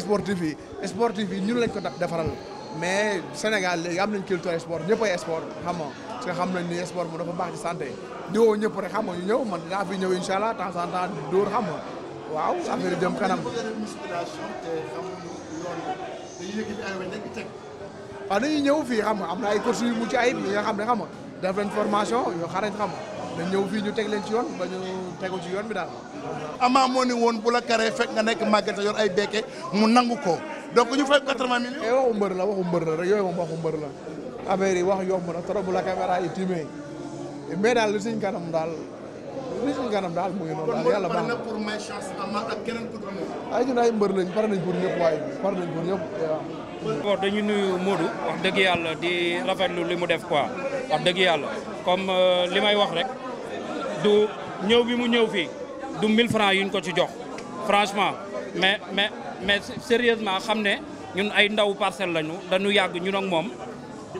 sportif yi sportif yi ñun lañ ko defaral mais Sénégal léegi am nañ culture sport ñëpp ay sport xam parce que xam nañ ni sport mu dafa baax ci santé di woo ñëpp rek xam nga ñu ñëw man dinaa fi ñëw incha allah temps en temps dóor xam nga waaw affaire jëm kanam. waaw ah, dañuy ñëw fii xam nga am na ay courses yu mucc ayib yi nga xam ne xam def leen formation yoo xarañ xam dañ ñëw fii ñu teg leen ci yoon ba ñu tegu ci yoon bi daal. Ama moo ni woon bu la karee fekk nga nekk màgget yor ay bekke mu nangu ko donc ñu fay 80 millions. eh waxu mbër la waxu mbër la rek yooyu moom waxu mbër la affaire yi wax yomb na trop bu la caméra yi timee mais daal li suñ kanam daal li suñ kanam daal mu ngi noonu daal yàlla baax na pour may chance Ama ak keneen ku dul ay ñun ay mbër lañ pare nañ pour ñëpp waaye pare nañ pour ñëpp waaw. dañu nuyu Modou wax dëgg yàlla di rafetlu li mu def quoi wax dëgg yàlla comme euh, li wax rek. du ñëw bi mu ñëw fii du 1000 francs yuñ ko ci jox franchement mais mais mais sérieusement xam ne ñun ay ndaw parcelle lañu dañu yàgg ñun ak moom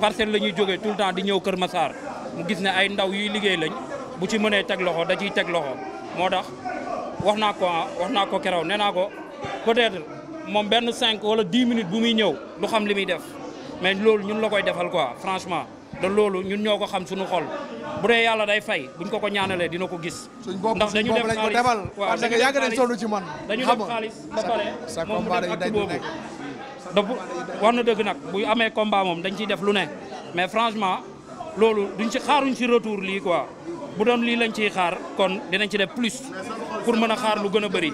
parcelle la ñuy jógee tout le temps di ñëw Kër Massar mu gis ne ay ndaw yuy liggéey lañ bu ci mënee teg loxo da ciy teg loxo moo tax wax naa ko wax naa ko keroog nee naa ko peut-être moom benn cinq wala 10 minutes bu muy ñëw du xam li muy def mais loolu ñun la koy defal quoi franchement. te loolu ñun ñoo ko xam suñu xol bu dee yàlla day fay buñ ko ko ñaanalee dina ko gis. ndax dañu def xaalis waaw dañu def xaalis ci man. dañu def xaalis ba pare moom mu def acte boobu. da bu wax na dëgg nag bu amee combat moom dañ ciy def lu ne mais franchement loolu duñ ci xaaruñ ci retour lii quoi bu doon lii lañ ciy xaar kon dinañ ci def plus pour mën a xaar lu gën a bëri.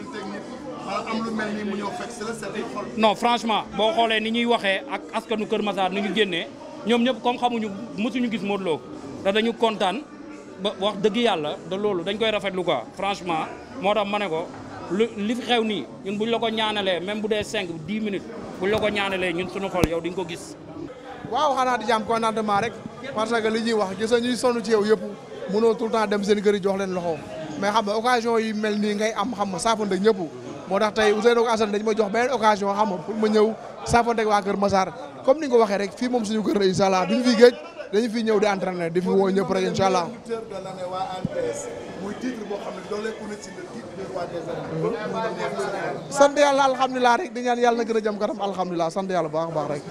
no franchement boo xoolee ni ñuy waxee ak askanu Kër Massar ni ñu génnee. ñoom ñëpp comme xamuñu mësuñu gis Modou Lo te ñu kontaan ba wax dëgg yàlla da loolu dañ koy rafetlu quoi franchement moo tax ma ne ko lu li fi xew nii ñun buñ la ko ñaanalee même bu dee 5 10 minutes buñ la ko ñaanalee ñun suñu xol yow di nga ko gis. waaw xanaa di jàmm contentement rek parce que li ñuy wax gis ñuy sonn ci yow yëpp mënoo tout le temps dem seen kër yi jox leen loxo mais xam nga occasion yi mel nii ngay am xam nga saafante ñëpp moo tax tey Ousseynou dañ ma jox beneen occasion xam nga pour ma ñëw saafante waa Kër Massar. comme ni nga ko waxee rek fii moom suñu kër la incha allah duñu fi géej dañu fi ñëw di entraîner di fi woo ñëpp rek incha allah. Mhm. sant yàlla alhamdulilah rek di ñaan yàlla na gën a jëm kanam alhamdulilah sant yàlla baax baax rek.